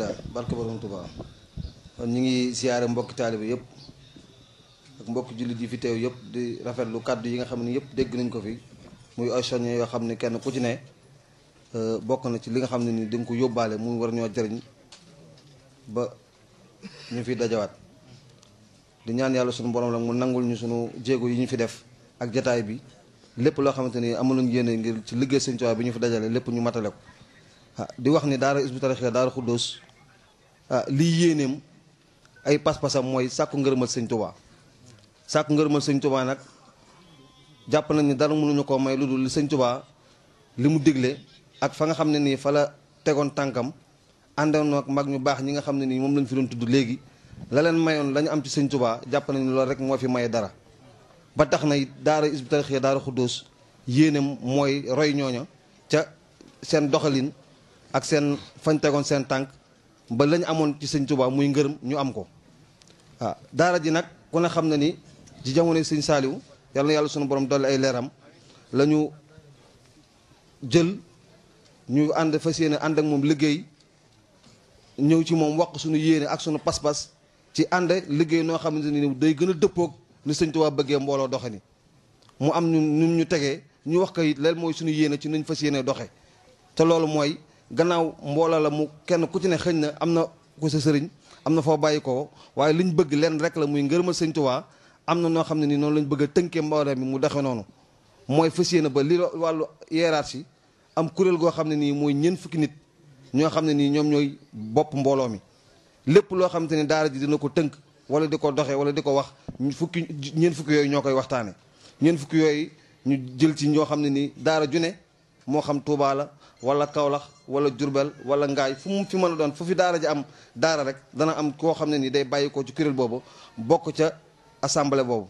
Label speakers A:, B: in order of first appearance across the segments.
A: bisimilah barke borom Tuubaa kon ñu ngi siyaare mbokki taalibe yëpp ak mbokki jullit yi fi teew yëpp di rafetlu kàddu yi nga xam ne yëpp dégg nañ ko fi muy ay soññe yoo xam ne kenn ku ci ne euh, bokk na ci li nga xam ne ni dañ ko yóbbaale muy war ñoo jëriñ ba ñu fi dajawaat di ñaan yàlla suñu borom la mu nangul ñu suñu jéego yi ñu fi def ak jataay bi lépp loo xamante ni amuloon yéene ngir ci liggéey sëñ Tuubaa bi ñu fi dajale lépp ñu matale ko ah, di wax ni daara Ah, li yenem ay pas-pasam moy sakku ngeureumal seigne touba sakku ngeureumal seigne touba nak japp nañ ni dara mënuñu ko may luddul dul li sëñ Tuubaa digle ak fa nga xamné ni fa la tégon tankam àndoon ak mag ñu bax ñi nga xamné ni mom lañ fi doon tuddu légui la leen mayon lañ am ci seigne touba japp nañ lool rek mo fi maye dara ba tax na daara Hizbut Tarqiyyah daara khudus yenem moy roy ñoño ca sen doxalin ak sen fañ tégon sen tank ba lañ amoon ci sëñ Tuubaa muy ngërëm ñu am ko waaw ah, daara ji nag ku ne xam na ni ci jamono sëñ Saaliw yàlla yàlla sunu borom dolli ay leeram lañu jël ñu ànd fas yéene ànd ak moom liggéey ñëw ci moom wax suñu yéene ak suñu pas-pas ci ànd liggéey noo xamante ni day gën a dëppoog ni sëñ Tuubaa bëggee mbooloo doxe ni mu am ñu ñu tegee ñu wax ko it leel mooy suñu yéene ci nuñ fas yéenee doxe te loolu mooy gannaaw mboola la mu kenn ku ci ne xëñ na am na ku sa sëriñ am na foo bàyyi ko waaye liñ bëgg lenn rek la muy ngërëmal sëñ Tuubaa am na noo xam ne nii noonu lañ bëgg a tënkee mboola bi mu doxee noonu mooy fas yéene ba li wàllu hiérarchie am kuréel goo xam ne nii mooy ñeent fukki nit ñoo xam ne nii ñoom ñooy bopp mbooloo mi lépp loo xamante ne daara ji dina ko tënk wala di ko doxe wala di ko wax fukki ñeent fukki yooyu ñoo koy waxtaane ñeent fukki yooyu ñu jël ci ñoo xam ne nii daara ju ne moo xam Tuubaa la wala Kaolack wala Diourbel wala Ngaay fu mu fi mën a doon fu fi daara ji am daara rek dana am koo xam ne nii day bàyyi ko ci kuréel boobu bokk ca assemblée boobu.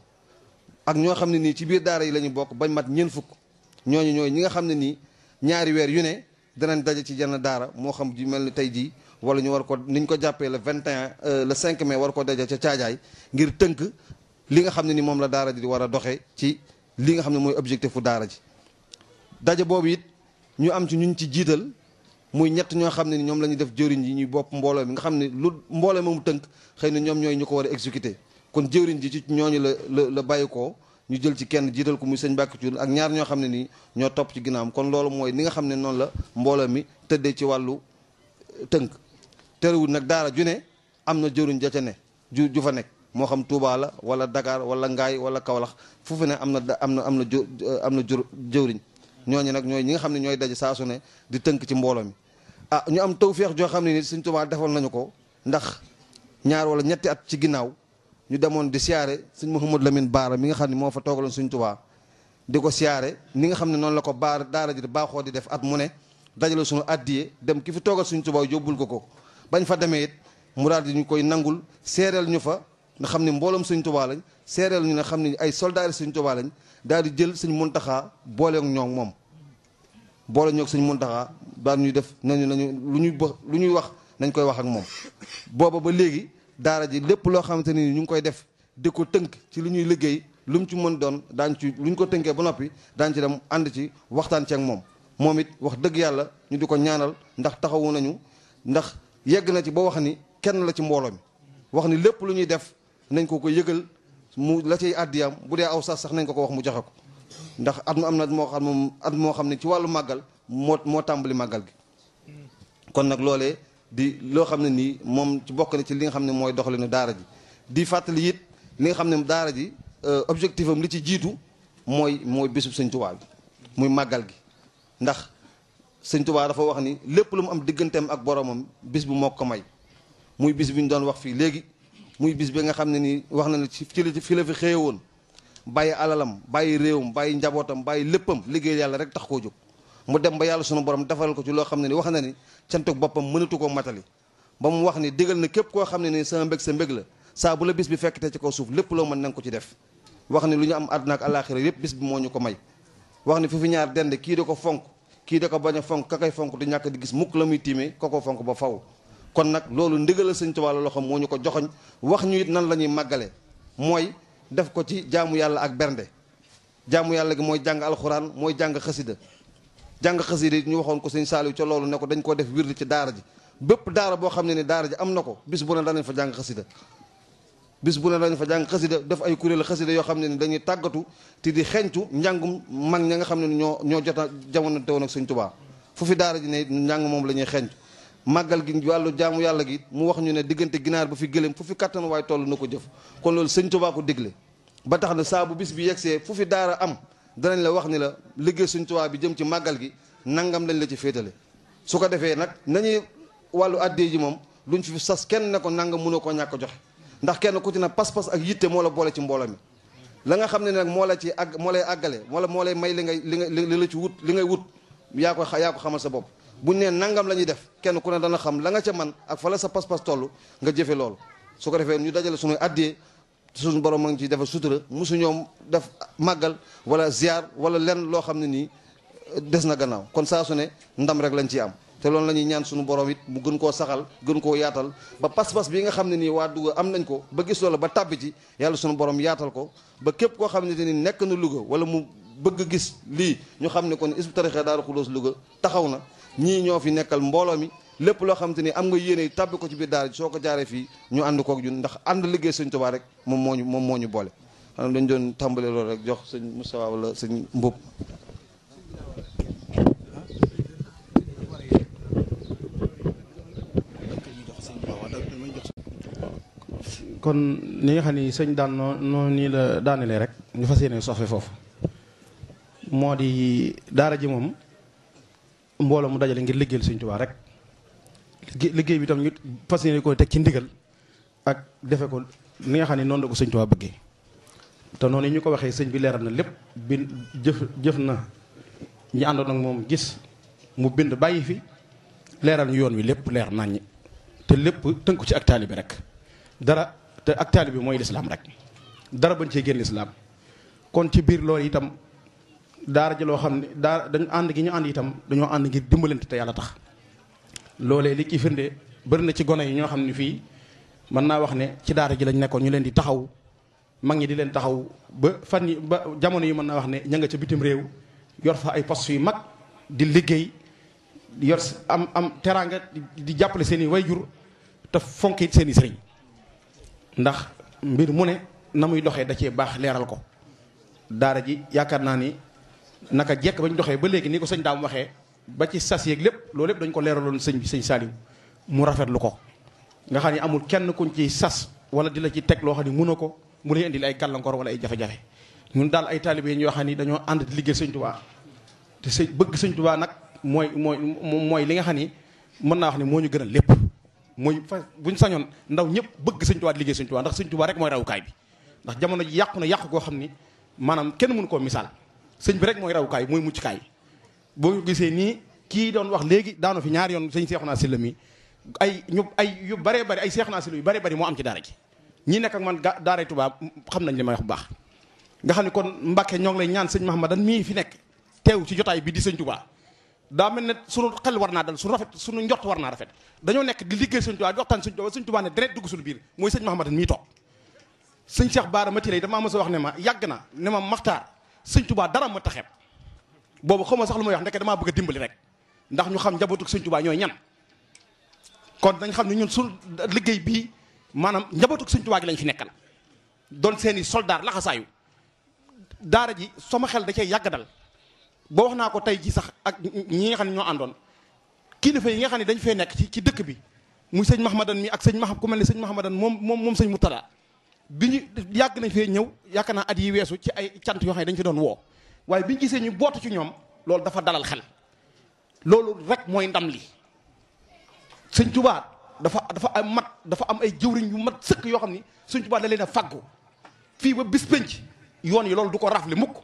A: ak ñoo xam ne nii ci biir daara yi la bokk bañ mat ñeent fukk ñooñu ñooy ñi nga xam ne nii ñaari weer yu ne danañ daje ci jenn daara moo xam ji mel ni tey jii wala ñu war ko niñ ko jàppee le 21 euh, le 5 mais war ko daje ca caajaay ngir tënk li nga xam ne nii moom la daara ji di war a doxee ci li nga xam ne mooy objectif fu daara ji boobu it. ñu am ci ñun ci jiital muy ñett ñoo xam ne ni ñoom la ñuy def jëwriñ yi ñuy bopp mbooloo mi nga xam ne lu mbooloo moomu tënk xëy na ñoom ñooy ñu ko war a exécuté kon jëwriñ ji ci ñooñu la la la bàyyi ko ñu jël ci kenn jiital ko muy sëñ Mbàkke Cuun ak ñaar ñoo xam ne nii ñoo topp ci ginnaawam kon loolu mooy li nga xam ne noonu la mbooloo mi tëddee ci wàllu euh, tënk terewul nag daara ju ne am na jëwriñ ja ca ne ju ju fa nekk moo xam Touba la wala Dakar wala Ngaay wala Kaolack foofu ne am na am na euh, am na am na jëwriñ ñooñu nag ñooy ñi nga xam ne ñooy daje saa su ne di tënk ci mbooloo mi ah ñu am feex joo xam ne ni Sëñ Tuubaa defal nañu ko ndax ñaar wala ñetti at ci ginnaaw ñu demoon di siyaare Sëñ Mouhamadou Lamine Baara mi nga xam ne moo fa toogaloon Sëñ Tuubaa di ko siyaare ni nga xam ne noonu la ko baar daara ji di baaxoo di def at mu ne dajale suñu addiye dem ki fi toogal Sëñ Tuubaa yóbbul ko ko bañ fa demee it mu yi ñu koy nangul seereel ñu fa nga xam ne mbooloom sëñ Tuubaa lañ seereel ñu ne xam ne ay soldaari sëñ Tuubaa lañ daal di jël sëñ Muntaxaa boole ñoo moom boole ñoog sëñ Muntaxaa daal ñuy def nañu nañu lu ñuy lu ñuy wax nañ koy wax ak moom booba ba léegi daara ji lépp loo xamante ni ñu ngi koy def di ko tënk ci li ñuy liggéey lu mu ci mën doon daañ ci lu ñu ko tënkee ba noppi daañ ci dem ànd ci waxtaan ci ak moom moom it wax dëgg yàlla ñu di ko ñaanal ndax taxawu nañu ndax yegg na ci ba wax ni kenn la ci mbooloom wax ni lépp lu ñuy def nañ ko ko yëgal mu la cay àddiyaam bu dee aw sax sax nañ ko ko wax mu joxe ko ndax at mu am na moo xam moom at moo xam ne ci wàllu màggal moo moo tàmbali màggal gi kon nag loolee di loo xam ne nii moom ci bokk na ci li nga xam ne mooy doxalinu daara ji di fàttali it li nga xam ne daara ji euh, objectif am li ci jiitu mooy mooy bésub sëñ tubaa bi muy màggal gi ndax sëñ tubaa dafa wax ni lépp lu mu am digganteem ak boromam bis bu moo ko may muy bis bi ñu doon wax fii léegi muy bis bi nga xam ne nii wax na ne ci ci la fi la fi xëye woon bàyyi alalam bàyyi réewam bàyyi njabootam bàyyi léppam liggéey yàlla rek tax koo jóg mu dem ba yàlla sunu borom defaral ko ci loo xam ne ni wax na ni cantuk boppam mënatu koo matali ba mu wax ni digal na képp koo xam ne ni sama mbég sa mbég la saa bu la bis bi fekk te ci ko suuf lépp loo mën nanga ko ci def wax ni lu ñu am àdduna ak àllaaxira yépp bis bi moo ñu ko may wax ni fi fi ñaar dend kii da ko fonk kii da ko bañ a fonk ka fonk du ñàkk di gis mukk la muy tiimee ka fonk ba faw kon nag loolu ndigalal sëñ Tuubaa la loxo moo ñu ko joxoñ wax ñu it nan la ñuy màggale mooy def ko ci jaamu yàlla ak bernde jaamu yàlla gi mooy jàng alxuraan mooy jàng xasida jàng xasida it ñu waxoon ko sëñ Saaliw ca loolu ne ko dañ koo def wirdi ci daara ji bépp daara boo xam ne daara ji am na ko bis bu ne danañ fa jàng xasida bis bu ne danañ fa jàng xasida def ay kuréel xasida yoo xam ne ni dañuy tàggatu te di xencu njàngum mag ña nga xam ne ñoo ñoo jota jamono teewoon ak sëñ Tuubaa fu fi daara ji ne njàng moom la ñuy xencu màggal gi wàllu jaamu yàlla gi mu wax ñu ne diggante ginaar bu fi gëléem fu fi kattan waaye toll na ko jëf kon loolu sëñ Tuubaa ko digle ba tax na saabu bis bi yegsee fu fi daara am danañ la wax ni la liggéey sëñ Tuubaa bi jëm ci màggal gi nangam lañ la ci féetale su ko defee nag nañuy wàllu addee ji moom luñ fi sas kenn ne ko nangam mënoo koo ñàkk joxe ndax kenn ku ci na pas-pas ak yitte moo la boole ci mbooloo mi la nga xam ne nag moo la ci àgg moo lay àggale wala moo lay may li ngay li nga la ci wut li ngay wut yaa ko yaa ko xamal sa bopp buñ neen nangam la ñuy def kenn ku ne dana xam la nga ca man ak fa la sa pas-pas toll nga jëfe loolu su ko defee ñu dajale suñuy addee suñu borom ma ngi ciy defal sutura mosu def màggal wala ziar wala lenn loo xam ne nii euh, des na gannaaw kon saa su ne ndam rek lañ ciy am te loolu la ñuy ñaan suñu borom it mu gën koo saxal gën koo yaatal ba pas-pas bi nga xam ne nii waa am nañ ko ba gis loola ba tàbbi ci yàlla suñu borom yaatal ko ba képp koo xam ne ni nekk na Louga wala mu bëgg gis lii ñu xam ne kon Hizbut Tarqiyyah Daaru Xudoos Louga taxaw na ñii ñoo fi nekkal mbooloo mi lépp loo xam te ni am nga yéene tàbbi ko ci biir daara soo ko jaaree fii ñu ànd kook ñun ndax ànd liggéey sëñ rek moom moo ñu moom ñu boole xanaa doon tàmbale loolu rek jox sëñ Moustapha wala sëñ Mbub
B: kon li nga xam ni sëñ daan noo nii la daanelee rek ñu fas yéene soxfe foofu moo di daara ji moom mbooloo mu dajale ngir liggéeyal Sëñ Tuubaa rek liggéey bi tam ñu fas yéene ko teg ci ndigal ak defe ko ni nga xam ne noonu la ko Sëñ Tuubaa bëggee te noonu ñu ko waxee sëñ bi leeral na lépp bi jëf jëf na ñi àndoon ak moom gis mu bind bàyyi fi leeral ñu yoon wi lépp leer naññi te lépp tënku ci ak taalibe rek dara te ak taalibe mooy lislaam rek dara bañ cee génn lislaam kon ci biir loolu itam daara ji loo xam ne daara dañu ànd gi ñu ànd itam dañoo ànd ngir dimbalante te yàlla tax loolee li ci firnde bëri na ci gone yi ñoo xam ne fii mën naa wax ne ci daara ji lañ nekkoon ñu leen di taxaw mag ñi di leen taxaw ba fan yi ba jamono yi mën naa wax ne ña nga bitim réew yor fa ay poste yu mag di liggéey yor am am teranga di jàppale seen i wayjur te fonk it seen i sëriñ ndax mbir mu ne na muy doxee da cee baax leeral ko daara ji yaakaar ni naka jek bañ doxé ba légui ni ko sëñ daam waxé ba ci sas yeeg lépp loolu lépp dañ ko léralon señ bi señ salim mu lu ko nga xani amul kenn kuñ ci sas wala dila ci tek lo xani mu lay ay wala ay jafé jafé ñun dal ay talibé ñu xani di liggé señ Tuubaa te señ bëgg señ Tuubaa nak moy moy moy li nga xani mën na wax ni moñu gënal lepp moy buñ sañon ndaw ñepp bëgg señ Tuubaa di liggéey sëñ Tuubaa ndax señ Tuubaa rek raw kay bi ndax jamono ji na yàqu koo xam kenn mënu ko misal sëñ bi rek mooy rawukaay mooy mucc kaay boo gisee nii kii doon wax léegi daano fi ñaari yoon sëñ Seexuna Sylla mi ay ñu ay yu baree bari ay Seexuna Sylla yu baree bari moo am ci dara ji ñi nekk ak man daaray Tuubaa xam nañ li may bu baax nga xam ne kon Mbàkke ñoo ngi lay ñaan sëñ Mahamadan mii fi nekk teew ci jotaay bi di sëñ Tuubaa daa mel ne suñu xel war naa dal su rafet suñu njort war naa rafet dañoo nekk di liggéey sëñ Tuubaa di waxtaan sëñ Tuubaa sëñ Tuubaa ne deret dugg suñu biir mooy sëñ Mahamadan mii toog sëñ Seex Baara Mati lay damaa mos a wax ne ma yàgg na ne ma maxtaar sëñ tubaa dara ma taxeeb boobu xaw ma sax lu may wax ndeke damaa bëgg a dimbali rek ndax ñu xam njabootu sëñ tubaa ñooy ñan kon dañ xam ne ñun suñ liggéey bii maanaam njabootu sëñ tubaa gi lañ fi nekkal doon seeni soldaar laxasaayu daara ji sama xel da cay yàgg dal boo wax naa ko tey ji sax ak ñi nga xam ne ñoo àndoon kilifa yi nga xam ne dañ fee nekk ci ci dëkk bi muy sëñ Mahamadan mi ak sëñ Maham ku mel ne sëñ Mahamadan moom moom moom sëñ Mutala bi ñu yàgg nañ fee ñëw yàgg naa at yi weesu ci ay cant yoo xam ne dañu fi doon woo waaye bi ñu gisee ñu bootu ci ñoom loolu dafa dalal xel loolu rek mooy ndam li sëñ tubaa dafa dafa am mat dafa am ay jëwriñ yu mat sëkk yoo xam ni sëñ da leen a fàggu fii ba bis pénc yoon yi loolu du ko rafle mukk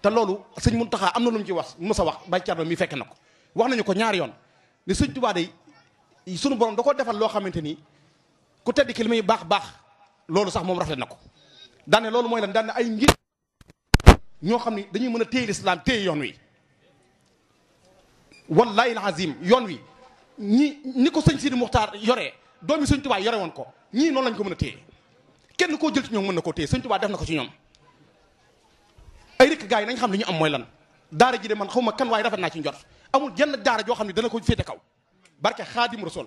B: te loolu sëñ Muntaxa am na lu ci wax mos a wax Baye mi fekk na ko wax nañu ko ñaari yoon ne sëñ Tuubaa day sunu borom da ko defal loo xamante ni ku tedd ki li muy baax baax. loolu sax moom rafet na ko daane loolu mooy lan daane ay ngir ñoo xam ne dañuy mën a téye lislaam téye yoon wi wallahi alazim yoon wi ñi ni ko sëñ Sidi Muxtaar yoree doomi sëñ Tuubaa yore woon ko ñii noonu lañ ko mën a téye kenn koo jël ci ñoom mën na koo téye sëñ Tuubaa def na ko ci ñoom ay rek gars yi nañ xam li ñu am mooy lan daara ji de man xaw ma kan waaye rafet naa ci njot amul jenn daara joo xam ne dana ko féete kaw barke xaadim rasul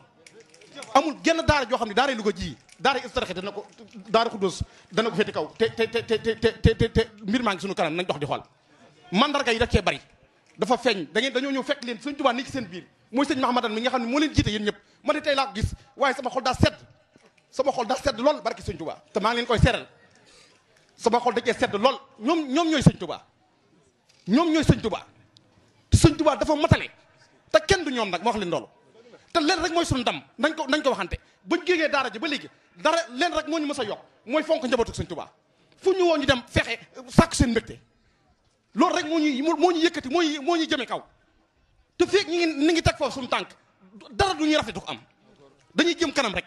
B: amul genn daara joo xam ne daara lu ko ji daara istaraxe dana ko daara xuddos dana ko féete kaw te te te te te te mbir maa ngi suñu kanam nañ dox di xool mandarga yi rek cee bari dafa feeñ da ngeen dañoo ñëw fekk leen suñ tubaa ni ci seen biir mooy sëñ mahamadan mi nga xam ne moo leen jiite yéen ñëpp ma ne tey laa ko gis waaye sama xol daa sedd sama xol lool barki sëñ tubaa te maa ngi leen koy seeral sama xol da cee sedd lool ñoom ñoom ñooy sëñ tubaa ñoom ñooy sëñ tubaa sëñ tubaa dafa matale te kenn du ñoom nag ma wax leen loolu te leen rek mooy suñu ndam nañ ko nañ ko waxante bañ géegee daara ji ba léegi dara leen rek moo ñu mës a yokk mooy fonk njabootu sëñ Tuubaa fu ñu woo ñu dem fexe sàkk seen mbégte loolu rek moo ñuy moo ñu yëkkati moo ñu moo ñuy jëme kaw te feeg ñi ngi ni ngi teg foofu suñu tànk dara du ñuy rafet du am dañuy jëm kanam rek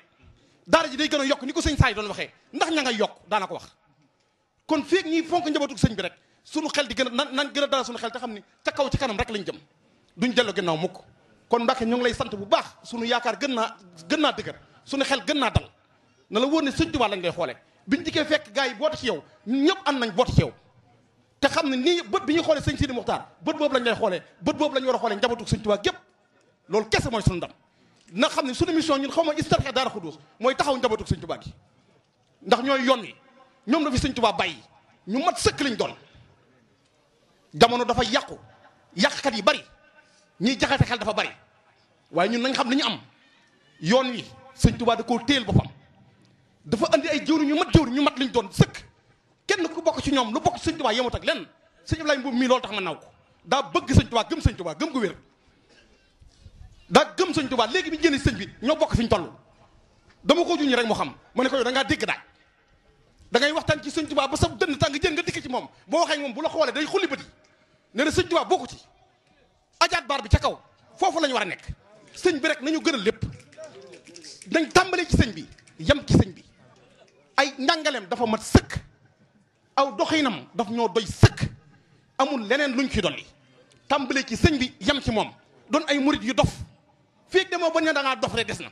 B: daara ji day gën a yokk ni ko sëñ Saay doon waxee ndax ña ngay yokk daana ko wax kon feeg ñi fonk njabootu sëñ bi rek sunu xel di gën a nan nan a dara suñu xel te xam ni ca kaw ci kanam rek lañ jëm duñ dellu ginnaaw mukk kon Mbàkke ñu ngi lay sant bu baax suñu yaakaar gën naa gën naa dëgër suñu xel gën naa dal na la wóor ne Sëñ Tuubaa lañ lay xoolee biñ dikkee fekk gars yi booti ci yow ñun ñëpp ànd nañ booti ci te xam ne nii bët bi ñu xoolee sëñ Sidi Muxtaar bët boobu lañ lay xoolee bët boobu lañ war a xoolee njabootu Sëñ Tuubaa gépp loolu kese mooy sunu ndam na xam ne sunu mission ñun xaw ma istarxe daara xuduus mooy taxaw njabootu Sëñ Tuubaa gi ndax ñooy yoon wi ñoom la fi Sëñ Tuubaa bàyyi ñu mat sëkk lañ doon jamono dafa yàqu yàqkat yi bari ñiy jaxate xel dafa bari waaye ñun nañ xam li ñu am yoon wi sëñ Tuubaa da koo téel boppam dafa andi ay jëwriñ ñu mat jëwriñ ñu mat liñ doon sëkk kenn ku bokk ci ñoom lu bokk sëñ Tuubaa yemut ak lenn sëñ Ablaye Mbuub mii tax ma naw ko daa bëgg sëñ Tuubaa gëm sëñ Tuubaa gëm ko wér daa gëm sëñ Tuubaa léegi bi ñu sëñ bi ñoo bokk fi ñu toll dama ko juñ rek moo xam mu ne ko yow dégg daaj da ngay waxtaan ci sëñ Tuubaa ba sa dënn tàng jën nga dikk ci moom boo waxee moom bu la xoolee day xulli bët yi nee na sëñ Tuubaa bokku ci ajaat baar bi ca kaw foofu lañu war a nekk sëñ bi rek nañu gënal lépp dañ tàmbalee ci sëñ bi yam ci sëñ bi ay njàngaleem dafa mat sëkk aw doxinam daf ñoo doy sëkk amul leneen luñ ci dolli tàmbalee ci sëñ bi yam ci moom doon ay murit yu dof fii demoo ba ne da ngaa dof rek des na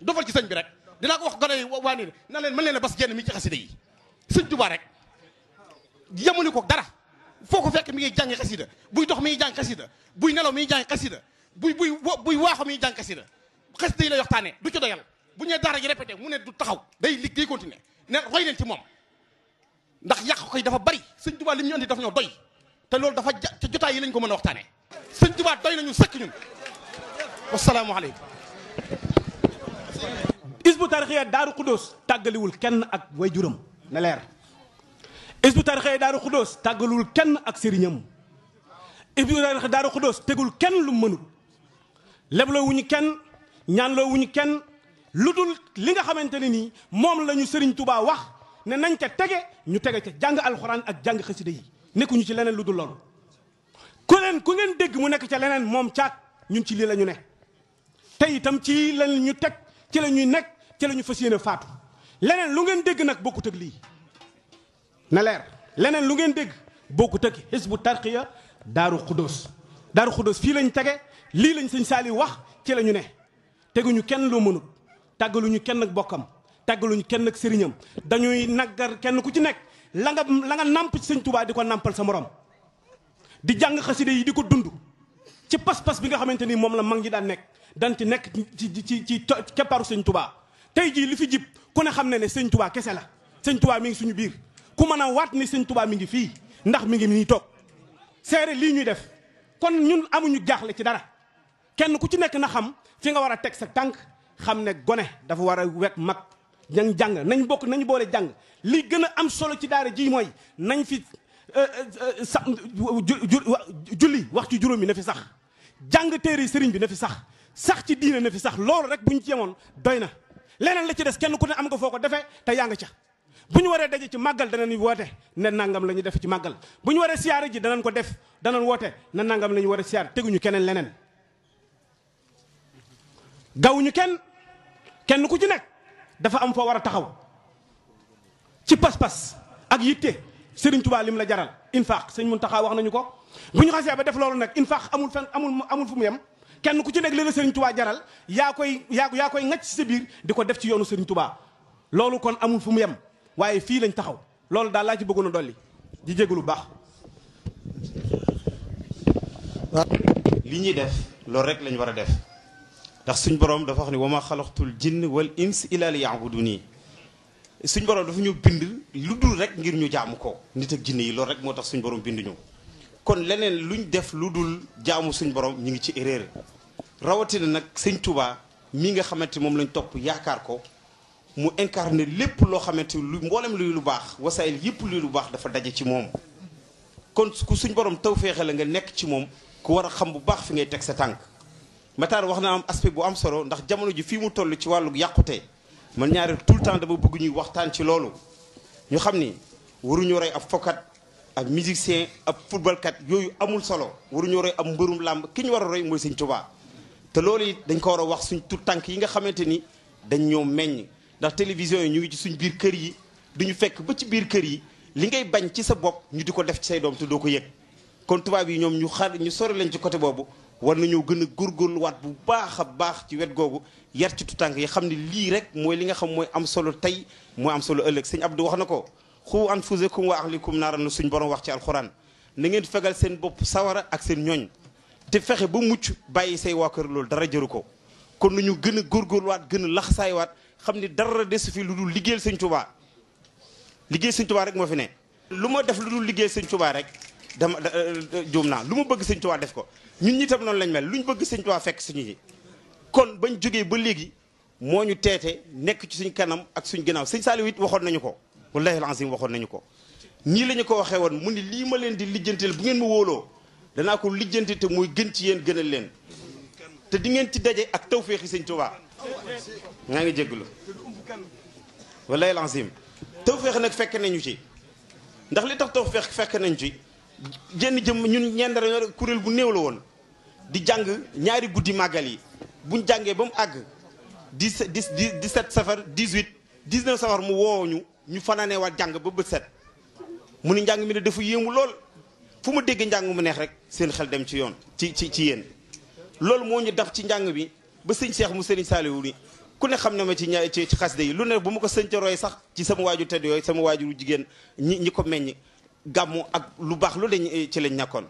B: dofal ci sëñ bi rek dinaa ko wax gone yi waa nii na leen mën leen bas jenn mi ci xasida yi sëñ Tuubaa rek yamuli ko dara foo ko fekk mi ngi jàngi xasida buy dox mi ngi jàngi xasida buy nelaw mi ngi jàngi xasida buy buy buy waaxu muy jàng xasida xasida yi lay waxtaanee du ci doyal bu ñee daara ji répété mu ne du taxaw day lig day continuer ne roy leen ci moom ndax yàq koy dafa bari sëñ Tuubaa li ñu andi daf ñoo doy te loolu dafa ja te jotaay yi lañ ko mën a waxtaanee sëñ Tuubaa doy nañu sëkk ñun wasalaamualeykum
C: isbu tarxiya daaru xudóos tàggaliwul kenn ak waajuram na leer isbu tarxiya daaru xudóos tàggaliwul kenn ak sëriñam isbu tarxiya daaru xudóos tegul kenn lu mënul lebloo kenn ñaanloo kenn lu dul li nga xamante ne nii moom lañu ñu tubaa wax ne nañ ca tege ñu tege ca jàng alxuraan ak jàng xasida yi nekkuñu ci leneen lu dul loolu. ku leen ku ngeen dégg mu nekk ca leneen moom caat ñun ci lii la ñu ne te itam ci lañ ñu teg ci lañuy nekk ci lañu ñu fas yéene faatu leneen lu ngeen dégg nag bokku ak lii na leer leneen lu ngeen dégg bokkut ak Hizbut Tarqiyyah Daaru Xuddoos. Daaru Xuddoos fii lañ tege lii lañ sëñ saali wax ci la ñu ne teguñu kenn loo mënut tàggaluñu kenn ak bokkam tàggaluñu kenn ak sëriñam dañuy naggar kenn ku ci nekk la nga la nga nàmp ci sëñ Tuubaa di ko nàmpal sa moroom di jàng xaside yi di ko dund ci pas-pas bi nga xamante ni moom la mag ñi daan nekk dan ci nekk ci ci ci keppaaru sëñ Tuubaa tey jii li fi jib ku ne xam ne ne sëñ Tuubaa kese la sëñ Tuubaa mi ngi suñu biir ku mën a waat ni sëñ tubaa mi ngi fii ndax mi ngi nii toog seere lii ñuy def kon ñun amuñu jaaxle ci dara kenn ku ci nekk na xam fi nga war a teg sa tànk xam ne gone dafa war a wet mag ñan jàng nañ bokk nañ boole jàng li gën a am solo ci daara ji mooy nañ fi euh, euh, euh, sa wax ci juróom yi na fi sax jàng téere sëriñ bi na fi sax sax ci diine na fi sax loolu rek bu ci yemoon doy na leneen la ci des kenn ku ne am nga foo ko defee te yaa nga ca bu ñu waree daje ci màggal dana ni woote ne nangam la ñu def ci màggal bu ñu waree siyaare ji danañ ko def danañ woote ne nangam la ñu war a siyaare teguñu keneen leneen. gawuñu kenn kenn ku ci nekk dafa am foo war a taxaw ci pas-pas ak yitte Serigne Touba lim la jaral infaq mun taxaw wax nañu ko. bu ñu xasee ba def loolu nag infaq amul fen amul amul fu mu yem kenn ku ci nekk li la Serigne jaral yaa koy yaa yaa koy ngacc si sa biir di ko def ci yoonu Serigne loolu kon amul fu waaye fii lañ taxaw loolu daal laa ci bëggoon a dolli di jégalu baax. li ñuy def loolu rek lañ war a def ndax suñ borom dafa wax ni ma xalaqtul jinn wal ins illa liya'buduni suñ borom dafa ñu bind lu dul rek ngir ñu jaamu ko nit ak jinn yi loolu rek moo tax suñ borom bind ñu. kon leneen luñ def lu dul jaamu suñ borom ñu ngi ci erreur rawatina nag sëñ tubaa mii nga xamante moom lañ topp yaakaar ko. mu incarné lépp loo xamante lu mboolem luy lu baax wasaayil yëpp luy lu baax dafa daje ci moom kon ku suñ borom taw féexe la nga nekk ci moom ku war a xam bu baax fi ngay teg sa tànk Matar wax na am aspect bu am solo ndax jamono ji fii mu toll ci wàllu yàqute man ñaari tout le temps dama bëgg ñuy waxtaan ci loolu ñu xam ni waruñu rey ab fokat ab musicien ab footballkat yooyu amul solo waruñu roy ab mbërum làmb ki ñu war a roy mooy sëñ Tuubaa te loolu it dañ ko war a wax tout tànk yi nga xamante ni dañ ñoo meññ ndax télévision yi ñu ngi ci suñ biir kër yi duñu fekk ba ci biir kër yi li ngay bañ ci sa bopp ñu di ko def ci say doom te doo ko yëg kon tubaab yi ñoom ñu xar ñu sori leen ci côté boobu war nañoo gën a góorgóorluwaat bu baax a baax ci wet googu yar ci tutànk yi xam ne lii rek mooy li nga xam mooy am solo tey mooy am solo ëllëg sëñ Abdou wax na ko xu anfusakum wa ahlikum naaral na suñ borom wax ci alxuraan na ngeen fegal seen bopp sawara ak seen ñooñ te fexe ba mucc bàyyi say waa kër loolu dara jaru ko kon nañu gën a góorgóorluwaat gën a laxsaaywaat xam ni dara desu fii lu dul liggéeyal sëñ Tuubaa liggéey sëñ Tuubaa rek moo fi ne lu ma def lu dul liggéey sëñ Tuubaa rek dama juum naa lu ma bëgg sëñ Tuubaa def ko ñun ñi tam noonu lañ mel lu ñu bëgg sëñ Tuubaa fekk suñu ñi kon bañ jógee ba léegi moo ñu teete nekk ci suñ kanam ak suñ gannaaw sëñ Saliou it waxoon nañu ko wallahi alazim waxoon nañu ko ñii la ko waxee woon mu ni lii ma leen di lijjanteel bu ngeen ma wóoloo danaa ko lijjanti te muy gën ci yéen gënal leen te di ngeen ci daje ak tawféexi sëñ Tuubaa ñaa ngi jégalu wallaay lancim tawféex nag fekk nañu ci ndax li tax tawféex fekk nañu ci jenn jëmm ñun ñenn dañoo kuréel bu néew la woon di jàng ñaari guddi màggal yi buñ jàngee ba mu àgg dix dix dix sept safar dix huit dix neuf safar mu woo ñu ñu fanaanee waat jàng ba bët set mu ni njàng mi ne dafa yéemu lool fu ma dégg njàng mu neex rek seen xel dem ci yoon ci ci ci yéen loolu moo ñu daf ci njàng bi ba sëñ Cheikh mu sëriñ Saaliwu ni ku ne xam ne ma ci ña ci xasida yi lu ne bu ma ko sënca roy sax ci sama waaju tedd yooyu sama waajuru jigéen ñi ñi ko meññ gàmmu ak lu baax lu dañ ci lañ ñàkkoon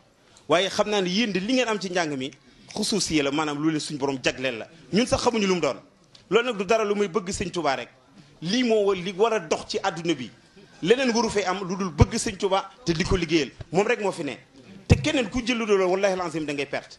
C: waaye xam naa ne yéen de li ngeen am ci njàng mi xusuus yi la maanaam lu leen suñ borom jagleel la ñun sax xamuñu lu mu doon loolu nag du dara lu muy bëgg sëñ Tuubaa rek lii moo li war a dox ci àdduna bi leneen waru fee am lu dul bëgg sëñ Tuubaa te di ko liggéeyal moom rek moo fi ne te keneen ku jël lu dul wallaahi da ngay perte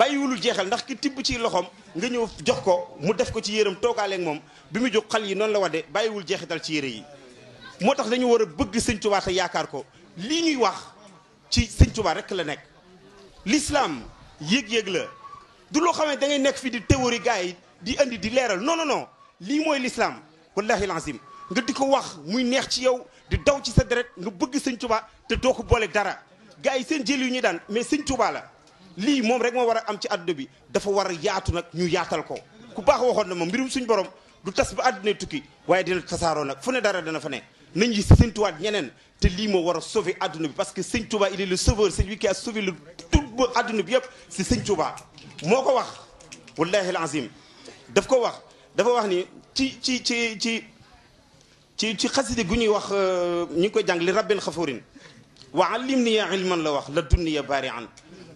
C: bàyyiwulul jeexal ndax ki tibb ci loxoom nga ñëw jox ko mu def ko ci yéram toogaaleeg moom bi mu jóg xal yi noonu la wadde bàyyiwul dal ci yére yi moo tax dañu war a bëgg sëñ tubaa te yaakaar ko lii ñuy wax ci sëñ tubaa rek la nekk l'islam yéeg-yéeg la du loo xam ne ngay nekk fii di théorie gars yi di andi di leeral non non non lii mooy l'islam wallahi lazim nga di ko wax muy neex ci yow di daw ci sa deret nga bëgg sëñ tubaa te doo ko booleeg dara gars yi seen jël yu ñuy daan mais sëñ la li mom rek mo wara am ci addu bi dafa wara yaatu nak ñu yaatal ko ku baax waxon na ma mbirum suñ borom du tas ba àdduna tukki waye dina tassaro nak fune dara dana fa ne nañ yi seigne Tuubaa ñeneen te li mo wara sauver àdduna bi parce que seigne touba il est le sauveur celui qui a sauvé le tout bu àdduna bi yëpp si seigne touba moko wax wallahi alazim daf ko wax dafa wax ni ci ci ci ci ci ci xaside gu wax ñi ngi koy jàng li rabbin khafurin wa allim niya ilman la wax la dunniya baari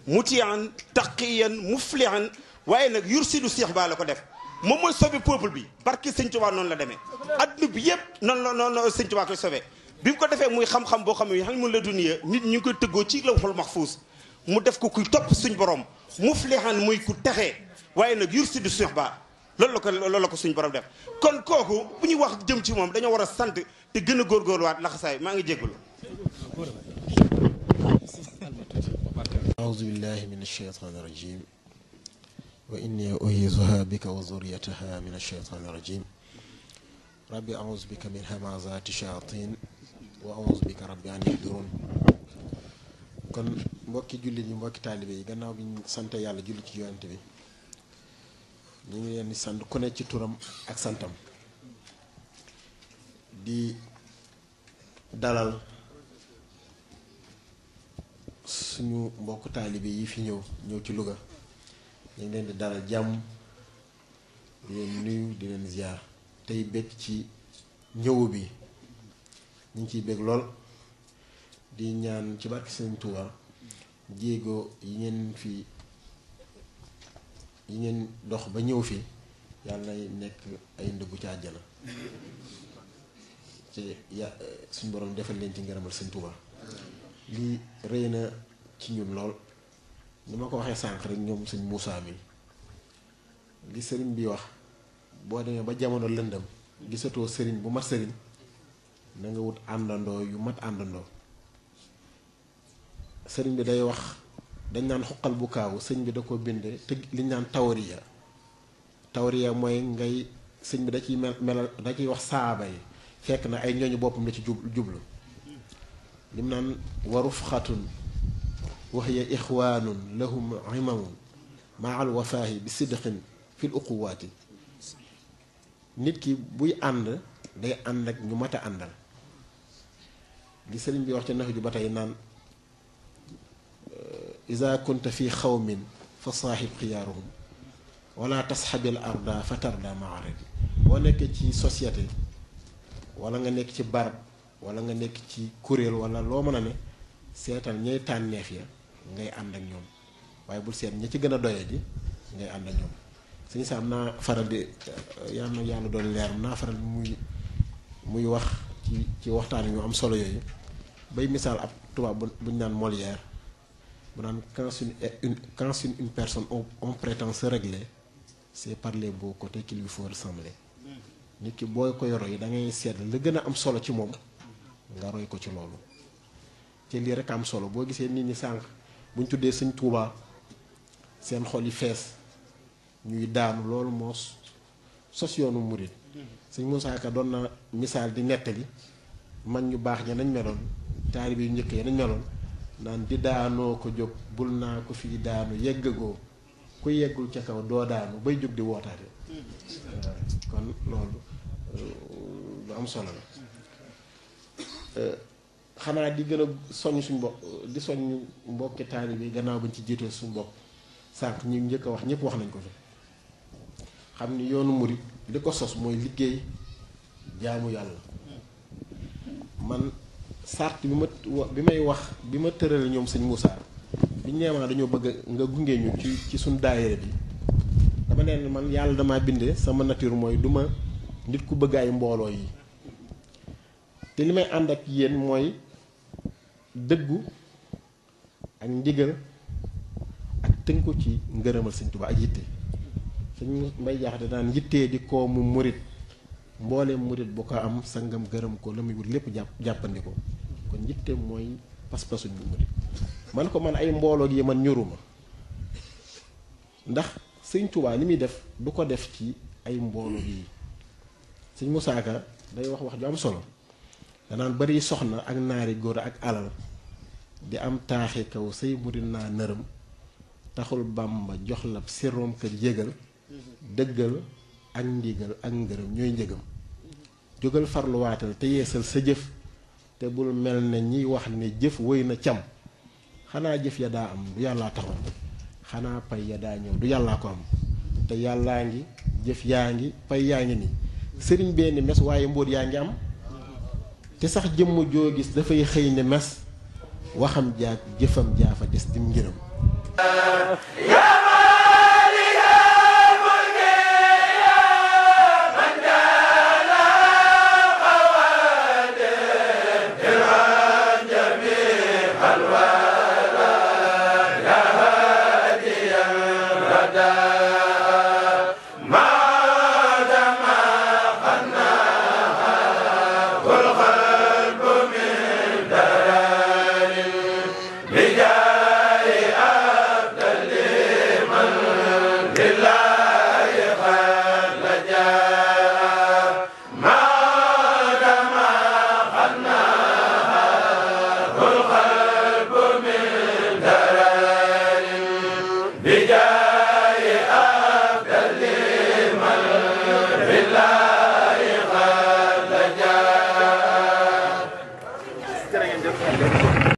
C: مطيعا تقيا مفلحا وين يرسل الشيخ بالك ده مو مو سبب بوبل بي باركي سنتوا نون لدمي أدمي بيب نون نون نون سنتوا كل سبب بيم كده في مي خم خم بو خم يهان مول الدنيا نيت نيكو تغوتي لو فل محفوظ مدفك كوي توب سنج بروم مفلحا مي كتره وين يرسل الشيخ بالك lolu ko lolu ko suñu borom def kon koku buñu wax jëm ci mom dañu wara sante te gëna gor gor wat la xay
D: أعوذ بالله من الشيطان الرجيم وإني أعيذها بك وذريتها من الشيطان الرجيم ربي أعوذ بك من همازات الشياطين وأعوذ بك ربي أن يحضرون كن مبكي جولي دي مبكي طالبي غناو بي سانتا يالا جولي تي يونتي بي ني ني ني سانت كوني تي تورام اك سانتام دي دالال suñu mbokk taalibe yi fi ñëw ñëw ci Louga ñu ngi leen di dalal jàmm di leen nuyu di leen ziar tey bég ci ñëw bi ñu ciy bég lool di ñaan ci barke Sëriñ Tuuba jéego yi ngeen fi yi ngeen dox ba ñëw fi yàlla nay nekk ay ndëggu ci àjjana te ya suñu borom defal leen ci ngërëmal Sëriñ Tuuba lii rëy na ci ñun lool ni ma ko waxee sànq rek ñoom sëñ Moussa bi li sëriñ bi wax boo demee ba jamono lëndëm gisatoo sëriñ bu mat sëriñ na nga wut àndandoo yu mat àndandoo sëriñ bi day wax dañ naan xuqal bu kaawu sëñ bi da ko bind te liñ naan tawariya tawariya mooy ngay sëñ bi da ciy melal da ciy wax saaba yi fekk na ay ñooñu boppam la ci jublu لمن ورفخة وهي إخوان لهم عمم مع الوفاة بصدق في الأقوات نتكي بوي أند دي أندك نمتا أندل دي سليم بي وقت نهج بطي نان آه، إذا كنت في خوم فصاحب خيارهم ولا تصحب الأرض فتردى معرض ونكي تي سوسيتي ولا نكي تي بارب wala nga nekk ci kuréel wala loo mën a ne seetal ñay tànneef ya ngay ànd ak ñoom waaye bul seet ña ci gën a doye ji ngay ànd ak ñoom sëñ sa am naa faral di na yàlla doon leer naa faral muy muy wax ci ci waxtaan yu am solo yooyu bay misaal ab tubaab bu buñ naan Molière bu naan quand une personne on on prétend se régler c'est par les beaux côtés qu'il lui faut ressembler mm. nit ki booy koy roy da ngay seet la gën a am solo ci moom nga roy ko ci loolu te lii rek am solo boo gisee nit ñi sànq buñ tuddee sëñ Tuubaa seen xol yi fees ñuy daanu loolu moo sos yoonu murit sëñ Moussa doon na misaal di nettali mag ñu baax ña nañ meloon taalibe yu njëkk ya nañ meloon naan di daanoo ko jóg bul naa ko fii daanu yeggagoo ku yeggul ca kaw doo daanu bay jóg di wootaate mm. kon loolu lu am solo la Euh, xanaa di gën a soññ suñu bopp di soññ mbokki taalibe gannaaw bañ ci jiital suñu bopp sànq ñu njëkk a wax ñépp wax nañ ko fi xam ni yoonu murit li ko sos mooy liggéey jaamu yàlla man sart bi ma bi may wax bi ma tëral ñoom sëñ Moussa biñ neemaa dañoo bëgg nga gunge ñu ci ci suñ daayira bi dama neen man yàlla damaa bindee sama nature mooy duma ma nit ku bëgg mbooloo yi te li may ànd ak yéen mooy dëggu ak ndigal ak tënku ci ngërëmal sëñ Tuubaa ak yitte sëñ Mbay Jaxate daan yittee di koo mu murit mbooleem murit bu ko am sangam gërëm ko la muy wut lépp jàpp jàppandi kon yitte mooy pas-pasu bu murit man ko man ay mbooloo gi man ñoruma ndax sëñ Tuubaa li muy def du ko def ci ay mbooloo gi sëñ mu saaka day wax wax ju am solo danaan bari soxna ak naari góor ak alal di am taaxi kaw say murit naa nërëm taxul bàmba jox la siroom ka jégal dëggal ak ndigal ak ngërëm ñooy njëgam jógal farluwaatal te yeesal sa jëf te bul mel na ñi wax ne jëf wëy na cam xanaa jëf ya daa am du yàllaa taxoon xanaa pay ya daa ñëw du yàllaa ko am te yàllaa ngi jëf yaa ngi pay yaa ngi nii sëriñ benn mes waaye mbóot yaa ngi am te sax jëmm joo gis dafay xëy ne mes waxam jaag jëfam jaafa des tim ngiram
A: alwa